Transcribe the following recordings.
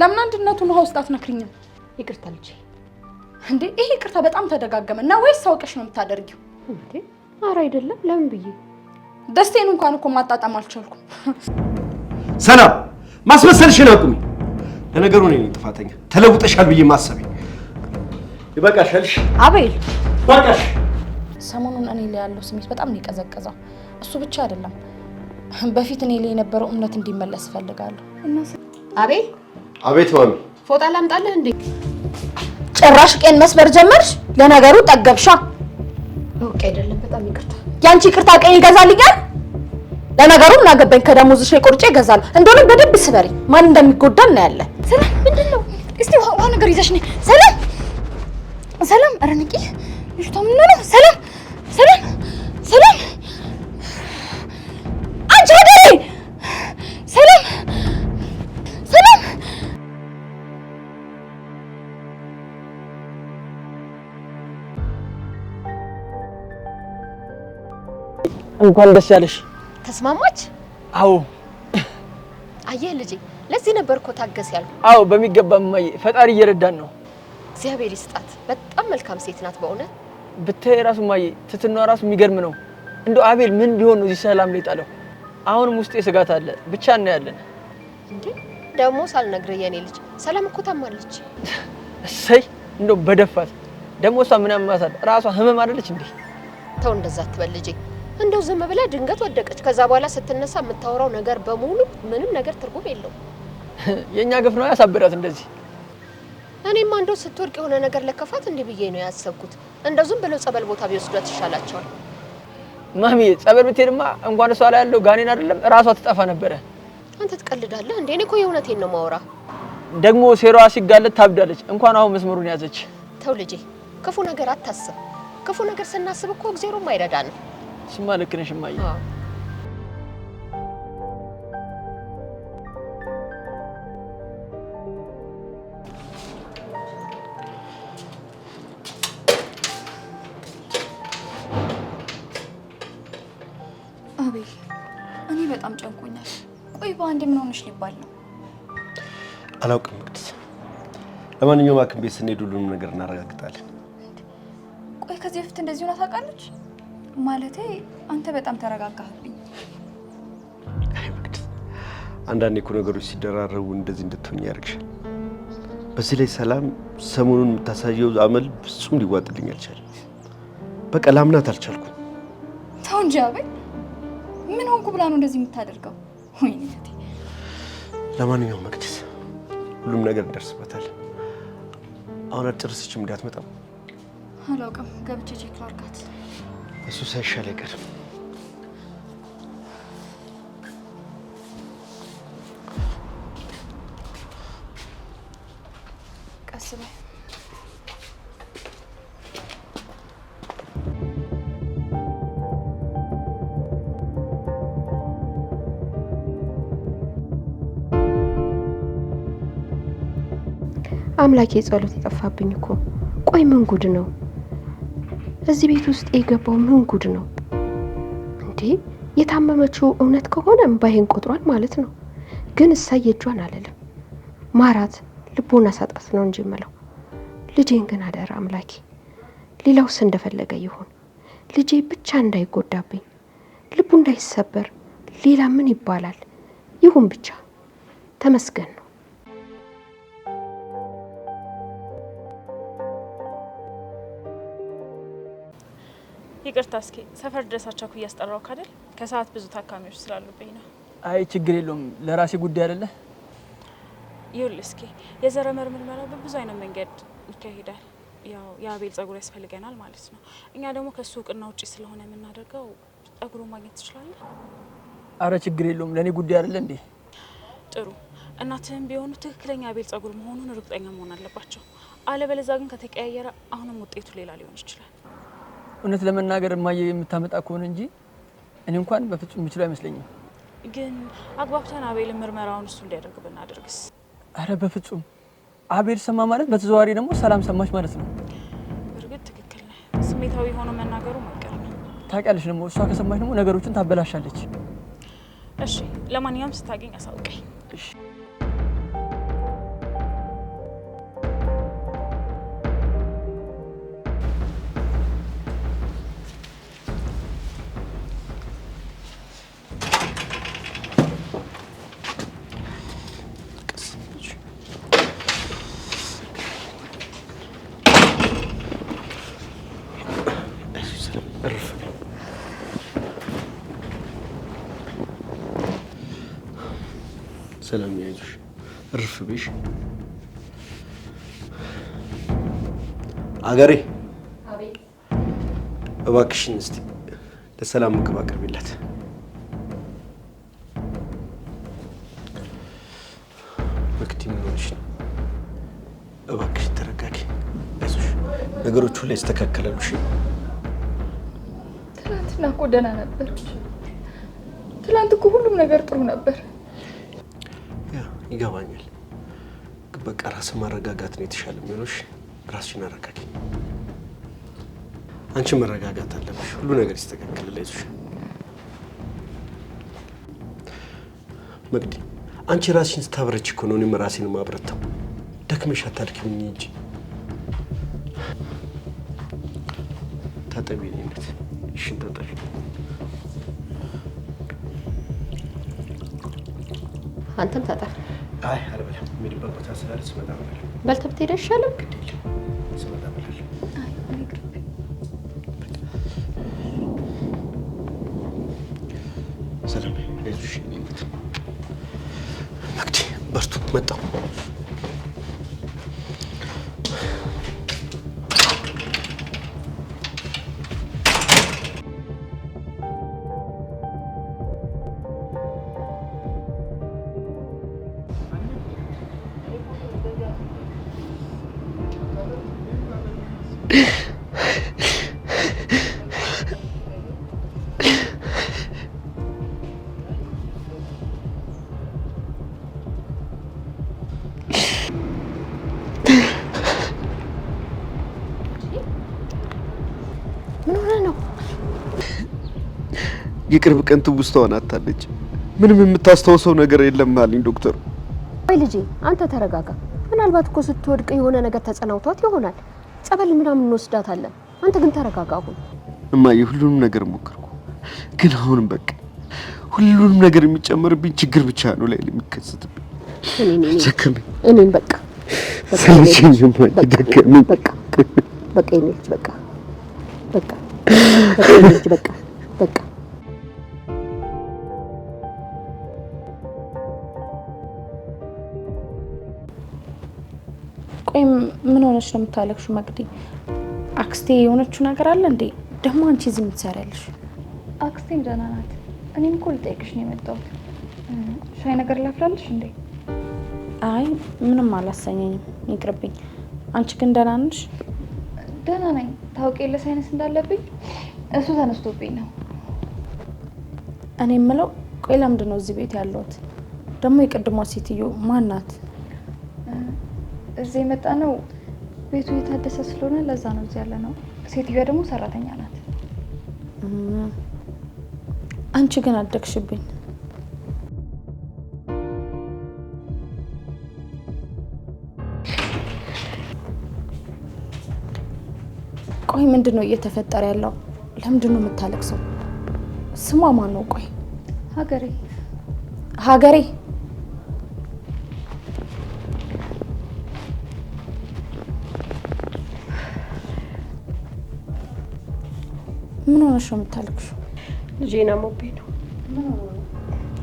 ለምን አንድነቱን ውሃ ውስጥ አትነክሪኝም? ይቅርታ ልጄ። እንዴ ይሄ ይቅርታ በጣም ተደጋገመ እና ወይስ አውቀሽ ነው የምታደርጊው? እንዴ ኧረ አይደለም። ለምን ብዬ ደስቴን እንኳን እኮ ማጣጣም አልቻልኩም። ሰላም ማስመሰልሽን አቁሚ። ለነገሩ እኔ ነኝ ጥፋተኛ። ተለውጠሻል ብዬ አቤል በቃሽ። ሰሞኑን እኔ ላይ ያለው ስሜት በጣም ነው የቀዘቀዘው። እሱ ብቻ አይደለም፣ በፊት እኔ ላይ የነበረው እምነት እንዲመለስ እፈልጋለሁ። አቤል አቤት ማሚ። ፎጣ ላምጣልህ እንዴ? ጭራሽ ቄን መስበር ጀመርሽ። ለነገሩ ጠገብሻ። ኦኬ አይደለም፣ በጣም ይቅርታ። ያንቺ ይቅርታ ቄን ይገዛልኛል? ለነገሩ ምን አገባኝ? ከደሞዝሽ ላይ ይገዛል እንደሆነ በደንብ ስበሪ። ማን እንደሚጎዳ እናያለን። ሰላም፣ ምንድን ነው? እስቲ ውሃ ነገር ይዘሽ ነይ። ሰላም፣ ሰላም፣ አረንቂ ንቂ። ልጅቷ ምን ሆነ? ሰላም፣ ሰላም፣ ሰላም እንኳን ደስ ያለሽ። ተስማማች? አዎ። አየህ ልጄ፣ ለዚህ ነበር እኮ ታገስ ያልኩ። አዎ በሚገባ እማዬ፣ ፈጣሪ እየረዳን ነው። እግዚአብሔር ይስጣት። በጣም መልካም ሴት ናት በእውነት ብታይ ራሱ እማዬ፣ ትትኗ ራሱ የሚገርም ነው። እንደው አቤል ምን ቢሆን ነው እዚህ ሰላም ላይ ጣለው? አሁንም ውስጤ ስጋት አለ። ብቻ እናያለን። እንዴ ደግሞ ሳልነግርህ የኔ ልጅ ሰላም እኮ ታማለች። እሰይ እንደው በደፋት ደግሞ እሷ ምን ያማታል? ራሷ ህመም አይደለች እንዴ? ተው እንደዛ አትበል ልጄ። እንደው ዝም ብላ ድንገት ወደቀች። ከዛ በኋላ ስትነሳ የምታወራው ነገር በሙሉ ምንም ነገር ትርጉም የለውም። የእኛ ግፍ ነው ያሳብዳት እንደዚህ። እኔማ እንደው ስትወድቅ የሆነ ነገር ለከፋት እንዲህ ብዬ ነው ያሰብኩት። እንደው ዝም ብለው ጸበል ቦታ ቢወስዷት ይሻላቸዋል። ማሚ ጸበል ብትሄድማ እንኳን እሷ ላይ ያለው ጋኔን አይደለም እራሷ ትጠፋ ነበረ። አንተ ትቀልዳለህ እንዴ? እኔ እኮ የእውነቴን ነው ማውራ። ደግሞ ሴሯ ሲጋለጥ ታብዳለች። እንኳን አሁን መስመሩን ያዘች። ተው ልጄ፣ ክፉ ነገር አታስብ። ክፉ ነገር ስናስብ እኮ እግዚአብሔርም አይረዳንም። እሱማ ልክ ነሽ እማዬ። አቤል፣ እኔ በጣም ጨንቆኛል። ቆይ በአንድ ምን ሆነሽ ሊባል ነው? አላውቅም ቅድስት። ለማንኛውም ሐኪም ቤት ስንሄድ ሁሉንም ነገር እናረጋግጣለን። ቆይ ከዚህ በፊት እንደዚህ ሆና ታውቃለች? ማለቴ አንተ በጣም ተረጋጋህብኝ። አይ አንዳንዴ እኮ ነገሮች ሲደራረቡ እንደዚህ እንድትሆኝ ያደርግሻል። በዚህ ላይ ሰላም ሰሞኑን የምታሳየው አመል ፍጹም ሊዋጥልኝ አልቻለም። በቃ ላምናት አልቻልኩም። ተው እንጂ አቤል፣ ምን ሆንኩ ብላ ነው እንደዚህ የምታደርገው? ወይኔ ለማንኛውም መቅደስ፣ ሁሉም ነገር እንደርስበታል። አሁን አጨረሰችም እንዳትመጣም አላውቅም፣ ገብቼ ቼክ ላድርጋት። እሱ ሳይሻል አይቀርም። አምላኬ ጸሎት የጠፋብኝ እኮ። ቆይ ምን ጉድ ነው? እዚህ ቤት ውስጥ የገባው ምን ጉድ ነው እንዴ? የታመመችው እውነት ከሆነ ባይን ቆጥሯል ማለት ነው። ግን እሳይ እጇን አለለም ማራት ልቦና ሳጣት ነው እንጂ ምለው ልጄን ግን አደራ አምላኬ፣ ሌላውስ እንደፈለገ ይሁን፣ ልጄ ብቻ እንዳይጎዳብኝ፣ ልቡ እንዳይሰበር፣ ሌላ ምን ይባላል? ይሁን ብቻ ተመስገን ነው። ይቅርታ እስኪ ሰፈር ድረሳቸው እያስጠራው ካደል ከሰዓት ብዙ ታካሚዎች ስላሉብኝ ነው። አይ ችግር የለውም ለራሴ ጉዳይ አይደለ። ይሁል እስኪ የዘረመል ምርመራ በብዙ አይነት መንገድ ይካሄዳል። ያው የአቤል ጸጉር ያስፈልገናል ማለት ነው። እኛ ደግሞ ከእሱ እውቅና ውጪ ስለሆነ የምናደርገው ጸጉሩ ማግኘት ትችላለህ። አረ ችግር የለውም ለእኔ ጉዳይ አይደለ እንዴ። ጥሩ እናትህም ቢሆኑ ትክክለኛ አቤል ጸጉር መሆኑን እርግጠኛ መሆን አለባቸው። አለበለዛ ግን ከተቀያየረ አሁንም ውጤቱ ሌላ ሊሆን ይችላል። እውነት ለመናገር የማየ የምታመጣ ከሆነ እንጂ እኔ እንኳን በፍጹም የምችለው አይመስለኝም። ግን አግባብተን አቤል ምርመራውን እሱ እንዲያደርግ ብናደርግስ? አረ በፍጹም አቤል ሰማ ማለት በተዘዋዋሪ ደግሞ ሰላም ሰማች ማለት ነው። እርግጥ ትክክል ነህ። ስሜታዊ የሆነ መናገሩ ማይቀር ነው። ታውቂያለሽ ደግሞ እሷ ከሰማች ደግሞ ነገሮችን ታበላሻለች። እሺ፣ ለማንኛውም ስታገኝ አሳውቀኝ። እሺ ሰላም ያይዙሽ፣ እርፍ ብሽ አገሬ። እባክሽን እስቲ ለሰላም ምግብ አቅርቢላት። መክቲ ምንሽ፣ እባክሽን ተረጋጊ። ያዙሽ ነገሮች ሁሉ ያስተካከላሉሽ። ትናንትና እኮ ደህና ነበረች። ትናንት እኮ ሁሉም ነገር ጥሩ ነበር። ይገባኛል። በቃ ራስ ማረጋጋት ነው የተሻለ የሚሆነሽ። ራስሽን አረጋጊ። አንቺ መረጋጋት አለብሽ። ሁሉ ነገር ይስተካከላል። አይዞሽ መቅዲ። አንቺ ራስሽን ስታብረች እኮ ነው እኔም ራሴን ማብረተው። ደክመሽ አታድክም እንጂ ታጠቢ። እኔነት እሽን ታጠቢ አንተም ታጠፋ። አይ አልበላም። የምሄድበት ቦታ ስላለ ስመጣ በልተህ ብትሄድ አይሻልም? ግድ የለም የቅርብ ቀን ትውስታዋን አታለች። ምንም የምታስታውሰው ነገር የለም አለኝ ዶክተር ወይ ልጄ አንተ ተረጋጋ። ምናልባት እኮ ስትወድቅ የሆነ ነገር ተጸናውቷት ይሆናል። ጸበል ምናምን እንወስዳታለን። አንተ ግን ተረጋጋ። አሁን እማዬ ሁሉንም ነገር ሞከርኩ፣ ግን አሁንም በቃ ሁሉንም ነገር የሚጨመርብኝ ችግር ብቻ ነው ላይ የሚከሰትብኝ። ደከመኝ፣ እኔን በቃ ሰለቸኝ፣ ደከመኝ። በቃ በቃ በቃ በቃ በቃ ነሽ ነው መቅዲ አክስቴ የሆነችው ነገር አለ እንዴ? ደግሞ አንቺ እዚህ የምትሰሪያለሽ? አክስቴም ደህና ናት። እኔም እኮ ልጠይቅሽ ነው የመጣሁት። ሻይ ነገር ላፍላለሽ እንዴ? አይ ምንም አላሰኘኝም፣ ይቅርብኝ። አንቺ ግን ደህና ነሽ? ደህና ነኝ። ታውቂ የለ ሳይነስ እንዳለብኝ እሱ ተነስቶብኝ ነው። እኔ የምለው ቆይ ለምንድን ነው እዚህ ቤት ያለሁት? ደግሞ የቅድሟ ሴትዮ ማን ናት? እዚህ የመጣ ነው ቤቱ እየታደሰ ስለሆነ ለዛ ነው እዚህ ያለ ነው። ሴትዮዋ ደግሞ ሰራተኛ ናት። አንቺ ግን አደግሽብኝ። ቆይ ምንድን ነው እየተፈጠረ ያለው? ለምንድን ነው የምታለቅሰው? ስሟ ማን ነው? ቆይ ሀገሬ ሀገሬ ምን ሆነሽ ነው የምታልቅሽ? ልጄን አሞብኝ ነው።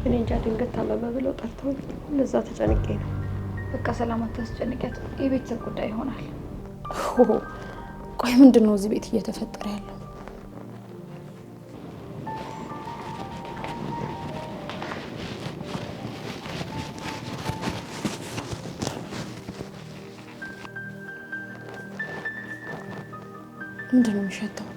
እኔ እንጃ ድንገት ታመመ ብለው ጠርተው ለዛ ተጨንቄ ነው። በቃ ሰላም አታስጨንቂያት፣ የቤተሰብ ጉዳይ ይሆናል። ቆይ ምንድን ነው እዚህ ቤት እየተፈጠረ ያለው? ምንድን ነው የሚሸተው?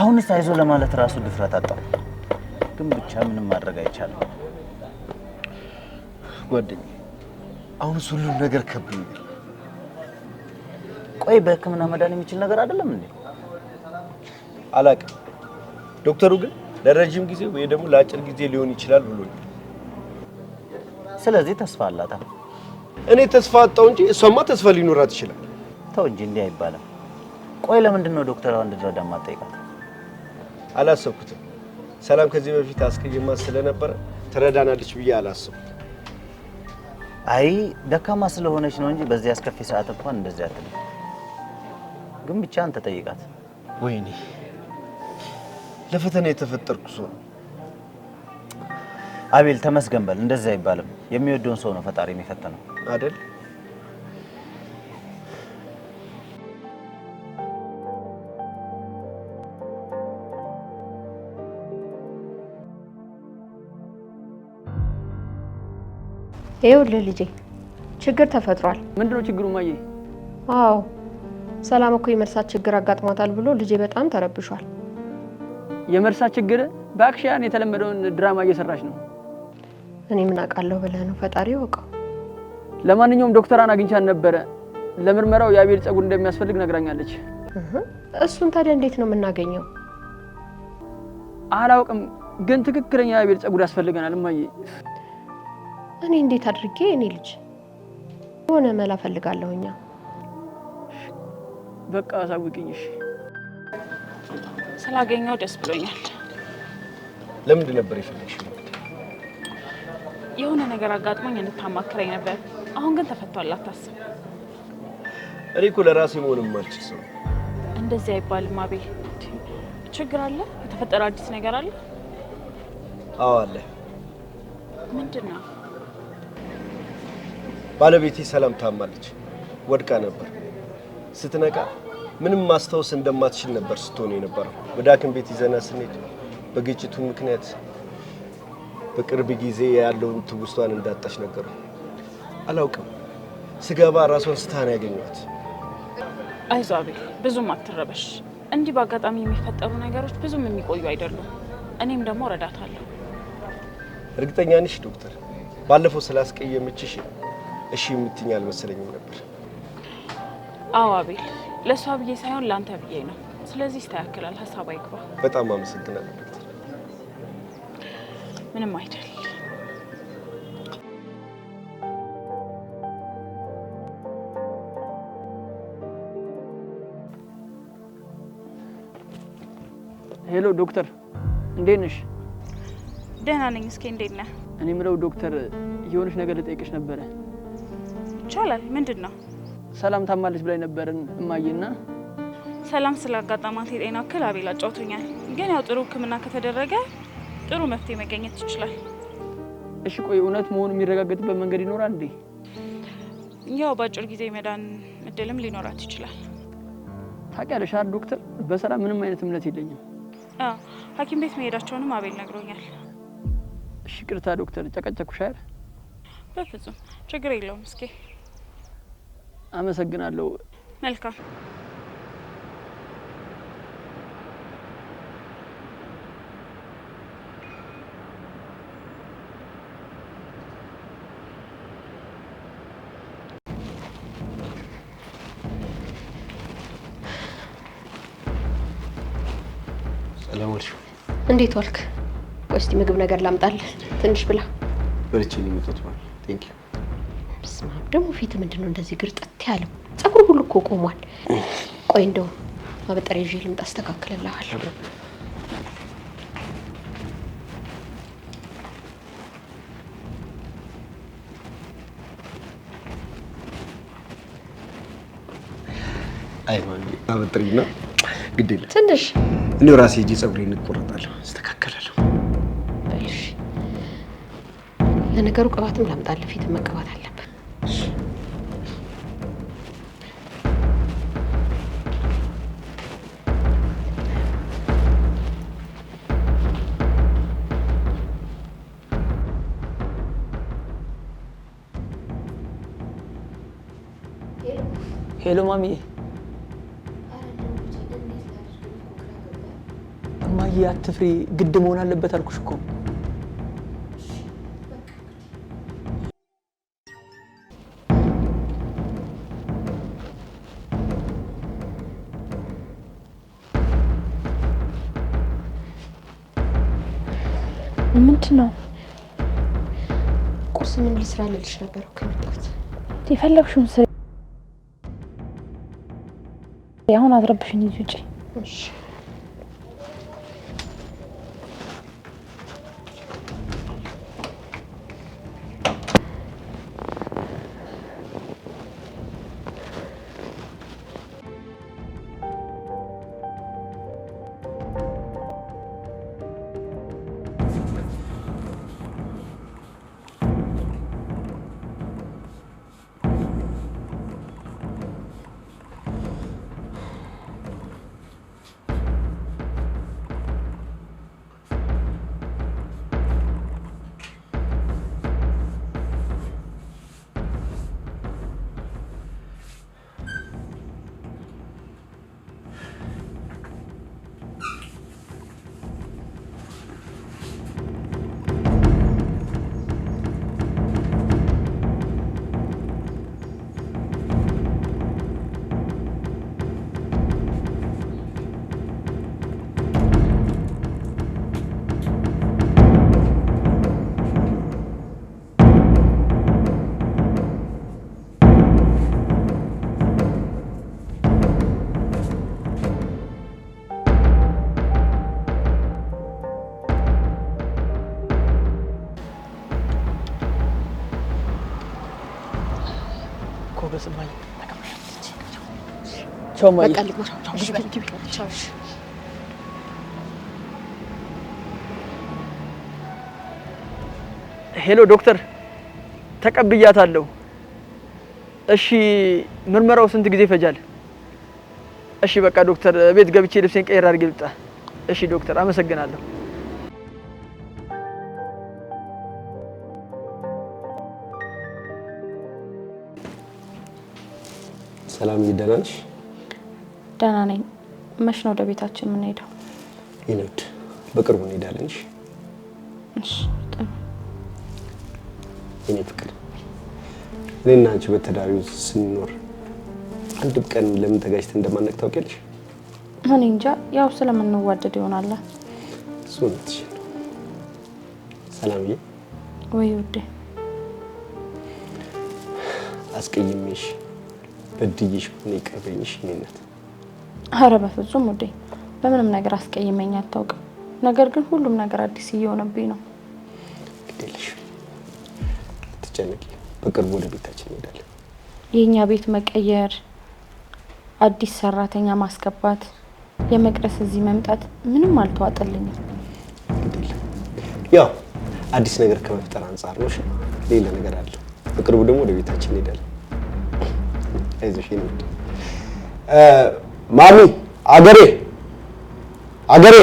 አሁንስ አይዞ ለማለት ራሱ ድፍረት አጣሁ። ግን ብቻ ምንም ማድረግ አይቻልም። ጓደኛዬ አሁንስ ሁሉም ነገር ከብዶኛል። ቆይ በሕክምና መዳን የሚችል ነገር አይደለም እንዴ? አላውቅም። ዶክተሩ ግን ለረጅም ጊዜ ወይ ደግሞ ለአጭር ጊዜ ሊሆን ይችላል ብሎኛል። ስለዚህ ተስፋ አላት እኔ ተስፋ አጣው እንጂ እሷማ ተስፋ ሊኖራት ይችላል። ተው እንጂ እንዲህ አይባልም። ቆይ ለምንድን ነው ዶክተር እንድትረዳ ማጠይቃት? አላሰብኩትም። ሰላም ከዚህ በፊት አስቀይማ ስለነበረ ትረዳናለች ብዬ አላሰብኩ። አይ ደካማ ስለሆነች ነው እንጂ በዚህ አስከፊ ሰዓት እንኳን እንደዚህ አትል። ግን ብቻ አንተ ጠይቃት። ወይኔ ለፈተና የተፈጠርኩ ሰው ነው አቤል ተመስገን በል። እንደዚህ አይባልም። የሚወደውን ሰው ነው ፈጣሪ የሚፈትነው አይደል? ይኸውልህ ልጄ ችግር ተፈጥሯል። ምንድነው ችግሩ ማየ? አዎ ሰላም እኮ የመርሳት ችግር አጋጥሟታል ብሎ ልጄ በጣም ተረብሿል። የመርሳት ችግር በአክሽያን የተለመደውን ድራማ እየሰራች ነው። እኔ ምን አውቃለሁ ብለህ ነው? ፈጣሪ ያውቀው። ለማንኛውም ዶክተራን አግኝቻን ነበረ። ለምርመራው የአቤል ጸጉር እንደሚያስፈልግ ነግራኛለች። እሱን ታዲያ እንዴት ነው የምናገኘው? አላውቅም፣ ግን ትክክለኛ የአቤል ጸጉር ያስፈልገናል እማዬ። እኔ እንዴት አድርጌ እኔ ልጅ የሆነ መላ ፈልጋለሁ። እኛ በቃ አሳውቅኝ። ስላገኘው ደስ ብሎኛል። ለምንድን ነበር የፈለግሽው? የሆነ ነገር አጋጥሞኝ እንድታማክረኝ ነበር። አሁን ግን ተፈቷል፣ አታስብ። እኔ እኮ ለራሴ መሆን የማልችል ሰው። እንደዚህ አይባልም። አቤ ችግር አለ? የተፈጠረ አዲስ ነገር አለ? አዎ አለ። ምንድን ነው? ባለቤቴ ሰላም ታማለች። ወድቃ ነበር። ስትነቃ ምንም ማስታወስ እንደማትችል ነበር ስትሆን የነበረው። ወደ ሐኪም ቤት ይዘና ስንሄድ በግጭቱ ምክንያት በቅርብ ጊዜ ያለውን ትውስቷን እንዳጣች ነገሩ። አላውቅም፣ ስገባ ራሷን ስታን ያገኘኋት። አይዞህ አቤል፣ ብዙም አትረበሽ። እንዲህ በአጋጣሚ የሚፈጠሩ ነገሮች ብዙም የሚቆዩ አይደሉም። እኔም ደግሞ እረዳታለሁ። እርግጠኛ ነሽ ዶክተር? ባለፈው ስላስቀየመችሽ እሺ የምትይኝ አልመሰለኝም ነበር። አዎ አቤል፣ ለእሷ ብዬ ሳይሆን ለአንተ ብዬ ነው። ስለዚህ ይስተካከላል፣ ሀሳብ አይግባ። በጣም አመሰግናለሁ። ምንም አይደል። ሄሎ ዶክተር፣ እንዴት ነሽ? ደህና ነኝ። እስኪ እንዴት ነህ? እኔ የምለው ዶክተር፣ የሆነች ነገር ልጠይቅሽ ነበረ። ይቻላል? ምንድን ነው? ሰላም ታማለች ብላይ ነበርን እማዬና ሰላም ስለ አጋጣማት የጤና እክል አቤል አጫውቶኛል። ግን ያው ጥሩ ሕክምና ከተደረገ ጥሩ መፍትሄ መገኘት ይችላል። እሺ ቆይ እውነት መሆኑ የሚረጋገጥበት መንገድ ይኖራል እንዴ? ያው በአጭር ጊዜ መዳን እድልም ሊኖራት ይችላል። ታውቂያለሽ አይደል ዶክተር፣ በሰላም ምንም አይነት እምነት የለኝም። ሐኪም ቤት መሄዳቸውንም አቤል ነግሮኛል። እሺ ቅርታ ዶክተር፣ ጨቀጨኩሽ አይደል? በፍጹም ችግር የለውም። እስኪ አመሰግናለሁ። መልካም እንዴት ዋልክ? ቆይ እስቲ ምግብ ነገር ላምጣልህ፣ ትንሽ ብላ። በልቼ ነው የመጣሁት። ባል ቴንክ ዩ። ስማ ደግሞ ፊት ምንድን ነው እንደዚህ ግርጥት ያለው? ፀጉር ሁሉ እኮ ቆሟል። ቆይ እንደው ማበጠሪያ ይዤ ልምጣ፣ አስተካክልልሃል። አይ ማን አበጥሪና ግድ የለም ትንሽ እኔ ራሴ እጄ ጸጉሬን እንቆረጣለሁ፣ አስተካከላለሁ። ለነገሩ ቅባትም ላምጣልህ፣ ፊት መቀባት ሄሎ ማሚዬ አትፍሪ፣ ግድ መሆን አለበት አልኩሽ እኮ። ምንድን ነው? ቁርስ ምን ልስራ ልልሽ ነበር እኮ የመጣሁት። የፈለግሽውን ስሪ። አሁን አትረብሽኝ፣ ውጪ። ስባል ሄሎ ዶክተር፣ ተቀብያታለሁ። እሺ፣ ምርመራው ስንት ጊዜ ይፈጃል? እሺ፣ በቃ ዶክተር፣ ቤት ገብቼ ልብሴን ቀይር አድርጌ ልጣ። እሺ ዶክተር፣ አመሰግናለሁ። ሰላም ደህና ነሽ? ደህና ነኝ። መች ነው ወደ ቤታችን የምንሄደው? ይልምድ በቅርቡ እንሄዳለን። እሺ እኔ ፍቅር፣ እኔ አንቺ በተዳሪ ስንኖር አንድ ቀን ለምን ተጋጭተን እንደማነቅ ታውቂያለሽ? እኔ እንጃ፣ ያው ስለምንዋደድ ይሆናል። እሱ ነው። ሰላምዬ፣ ወይ ውዴ፣ አስቀይሜሽ በድይሽ ሆነ ይቅርበኝሽ። እኔነት አረ በፍጹም ውዴ፣ በምንም ነገር አስቀይመኝ አታውቅም። ነገር ግን ሁሉም ነገር አዲስ እየሆነብኝ ነው። ግዴለሽ፣ አትጨነቂ። በቅርቡ ወደ ቤታችን እንሄዳለን። የእኛ ቤት መቀየር፣ አዲስ ሰራተኛ ማስገባት፣ የመቅረስ እዚህ መምጣት ምንም አልተዋጠልኝም። ግዴለም፣ ያው አዲስ ነገር ከመፍጠር አንጻር ነው። ሌላ ነገር አለው። በቅርቡ ደግሞ ወደ ቤታችን እንሄዳለን። ማሚ አገሬ አገሬ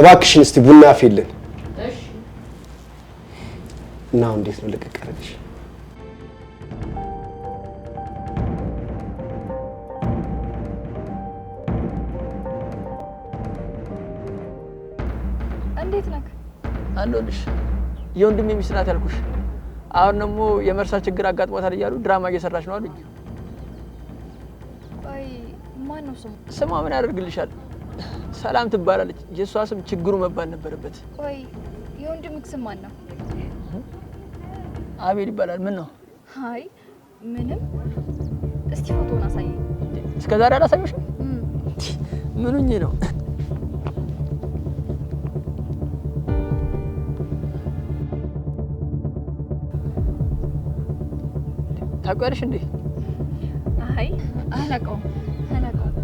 እባክሽን እስቲ ቡና ፊልን እና እንዴት ነው ልቅቅ አደረግሽ? እንዴት ነህ? አለሁልሽ የወንድሜ ሚስት ናት ያልኩሽ አሁን ደግሞ የመርሳት ችግር አጋጥሞታል እያሉ ድራማ እየሰራች ነው አሉኝ። ስሟ ምን ያደርግልሻል? ሰላም ትባላለች። የእሷ ስም ችግሩ መባል ነበረበት። ቆይ የወንድምህ ስም ማን ነው? አቤል ይባላል። ምን ነው? አይ ምንም። እስቲ ፎቶውን አሳየኝ። እስከዛሬ አላሳየሽም? ምኑኝ ነው ታውቂዋለሽ እንዴ? አይ አላውቀውም፣ አላውቀውም።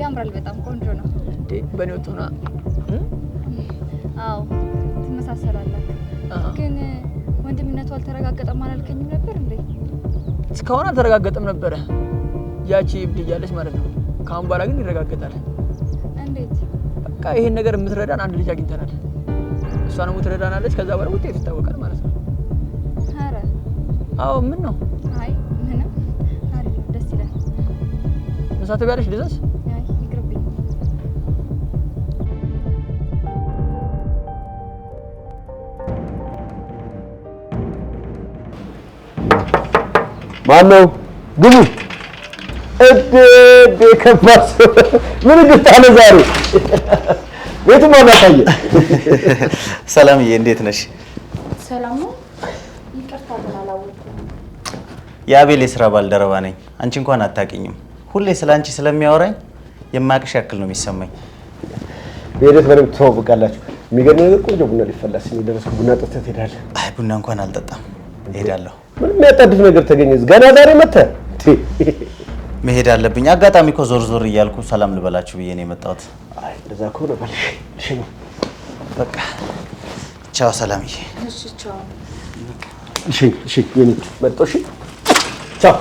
ያምራል፣ በጣም ቆንጆ ነው። እንዴ በእኔ ወጥና አዎ፣ ትመሳሰላላችሁ። ግን ወንድምነቱ አልተረጋገጠም አላልከኝም ነበር እንዴ? እስካሁን አልተረጋገጠም ነበረ። ያቺ እብድ እያለች ማለት ነው። ከአሁን በኋላ ግን ይረጋገጣል። እንዴት? በቃ ይሄን ነገር የምትረዳን አንድ ልጅ አግኝተናል። እሷንም ትረዳናለች። ከዛ በኋላ ውጤት ይታወቃል ማለት ነው። አረ አዎ፣ ምን ነው ምሳ ትበያለሽ? ልዘዝ ማነው? ግቡ። እዴ ከማስ ምን ግታለ ዛሬ ቤቱም አናሳየ። ሰላምዬ እንዴት ነሽ? ሰላም ነው። የስራ ባልደረባ ነኝ። አንቺ እንኳን አታውቂኝም። ሁሌ ስለ አንቺ ስለሚያወራኝ የማቅሽ ያክል ነው የሚሰማኝ። በሂደት በደምብ ትተዋወቃላችሁ። የሚገርም ነገር ቆንጆ ቡና ሊፈላ ሲል የደረስኩ ቡና ጠጥተህ ትሄዳለህ። አይ ቡና እንኳን አልጠጣም፣ እሄዳለሁ። ምንም የሚያጣድፍ ነገር ተገኘ? ገና ዛሬ መጥተህ መሄድ አለብኝ። አጋጣሚ እኮ ዞር ዞር እያልኩ ሰላም ልበላችሁ ብዬ ነው የመጣሁት። አይ እንደዛ ከሆነ በቃ ቻው፣ ሰላምዬ። እሺ ቻው። እሺ እሺ፣ የኔ መጣሁ። እሺ ቻው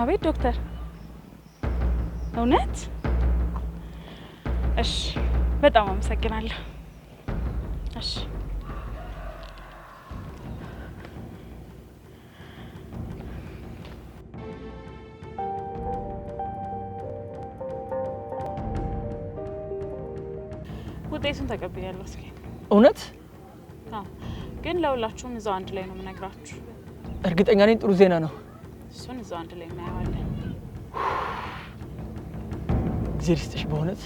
አቤት ዶክተር፣ እውነት? እሺ፣ በጣም አመሰግናለሁ። እሺ ውጤቱን ተቀብያለሁ። እስኪ እውነት? ግን ለሁላችሁም እዛው አንድ ላይ ነው የምነግራችሁ። እርግጠኛ ነኝ ጥሩ ዜና ነው። እሱን እዛው አንድ ላይ እናየዋለን። እግዜር ይስጥሽ በእውነት